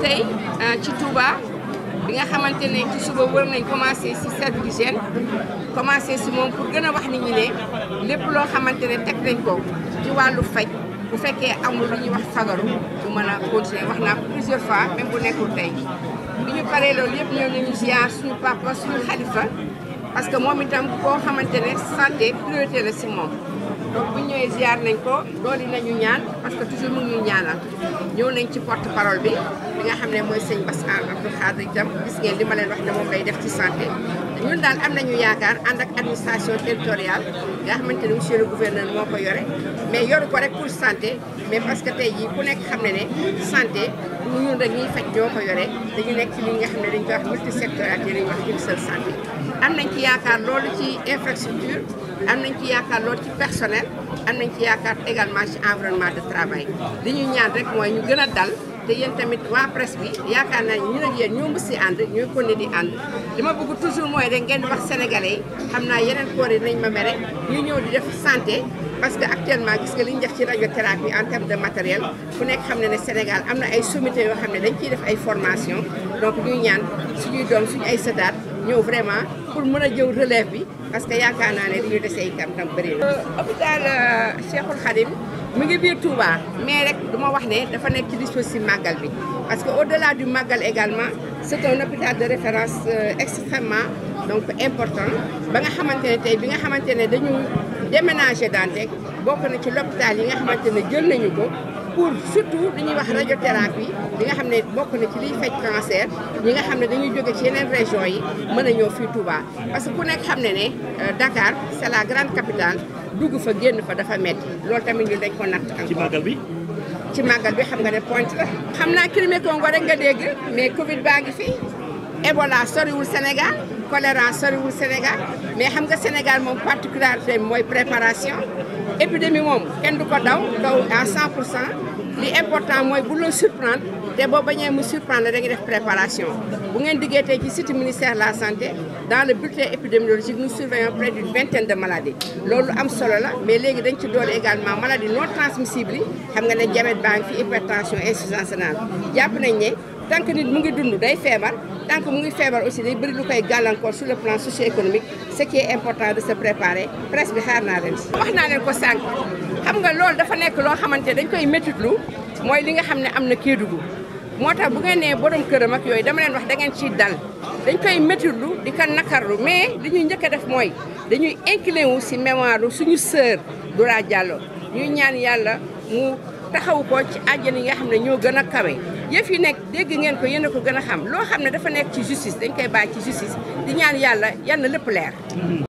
tey euh, ci Touba bi nga xamante ne ci suba war nañ commencé si service d'hygiène commencé si moom pour gën a wax nit ñi ne lépp loo xamante ne teg nañ ko ci wàllu faj bu fekkee amul lu ñuy wax fagaru bu mën a continuer wax naa plusieurs fois même bu nekkul tey bi ñu paree loolu yëpp ñëw nañu ziar suñu papa suñu xalifa parce que moom itam koo xamante ne santé priorité la si moom donc bu ñu ñëwee nañ ko dooli nañu ñaan parce que toujours mu ngi ñuy ñaanal ñëw nañ ci porte parole bi li nga xam ne mooy sëñ Bass Abdou Khadre itam gis ngeen li moom lay def ci santé ñun am nañu yaakaar ànd ak administration territoriale nga xamante ne monsieur le gouverneur moo ko yore mais yoru ko rek pour santé mais parce que tey jii ku nekk xam ne ne santé ñu ñun rek ñuy faj ñoo ko yore dañu nekk ci li nga xam ne dañ koy wax multisectorialité dañuy wax une seule santé am nañ ci yaakaar loolu ci infrastructure am nañ ci yaakaar lool ci personnel am nañ ci yaakaar également ci environnement de travail li ñu ñaan rek mooy ñu gën a dal te yéen tamit waa presse bi yaakaar naa ñu ak yéen ñoo mës si ànd ñooy continuer di ànd li ma bëgg toujours mooy rek ngeen wax sénégalais xam naa yeneen koor yi dinañ ma mere ñu ñëw di def santé parce que actuellement gis nga li ñu def ci radiothérapie en terme de matériel ku nekk xam ne ne Sénégal am na ay sommité yoo xam ne dañ ciy def ay formation donc ñuy ñaan suñuy doom suñu ay sëdaat ñëw vraiment pour mën a jëw relève bi parce que yaakaar naa ne li ñu desee tam bëri na. hôpital euh, Cheikhul Khadim mu ngi biir Touba mais rek du wax ne dafa nekk ci dispositif màggal bi parce que au delà du màggal également c' est un hôpital de référence euh, extrêmement donc important ba nga xamante ne tey bi nga xamante ne dañu déménager Dantec bokk na ci l'hôpital yi nga xamante ne jël nañu ko. pour surtout li ñuy wax radiothérapie li nga xam ne bokk na ci liy faj cancer ñi nga xam ne dañuy jóge ci yeneen région yi mën a ñëw fii Touba parce que ku nekk xam ne ne euh, Dakar c' la grande capitale dugg fa génn fa dafa metti loolu tamit ñu dañ ko natt encore ci màggal bi ci màggal bi xam nga ne point la xam naa Crimée Congo nga dégg mais Covid baa ngi fii Ebola soriwul Sénégal choléra soriwul Sénégal mais xam nga Sénégal moom particularité mooy préparation épidémie moom kenn du ko daw daw à 100 pour cent li important mooy bu la surprendre te boo bañee mu surprendre da nga préparation bu ngeen diggeetee ci site ministère la santé dans le bulletin épidémiologique nous surveillons près d'une vingtaine de maladies loolu am solo mais léegi dañ ci doole également maladie non transmissible yi xam nga ne diabète baa ngi fi hypertension insuffisance rénale jàpp nañ ne tant que mu ngi dund day feebar tant que mu ngi feebar aussi day bëri lu koy gàllankoor sur le plan socio-économique ce qui est important de se préparer presse bi xaar naa leen si. wax naa leen ko sànq xam nga loolu dafa nekk loo xamante dañ koy métitlu mooy li nga xam ne am na Kédougou moo tax bu ngeen nee borom këram ak yooyu dama leen wax da ngeen ciy dal dañ koy métitlu di ko nakarlu mais di ñuy njëkk a def mooy dañuy incliné wu si mémoire suñu sœur Dora Diallo ñuy ñaan yàlla mu taxaw ko ci àjjana yi nga xam ne ñoo gën a kawe. yëf yi nekk dégg ngeen ko yéen a ko gën a xam loo xam ne dafa nekk ci justice dañ koy bàyyi ci justice di ñaan yàlla yal na lépp leer.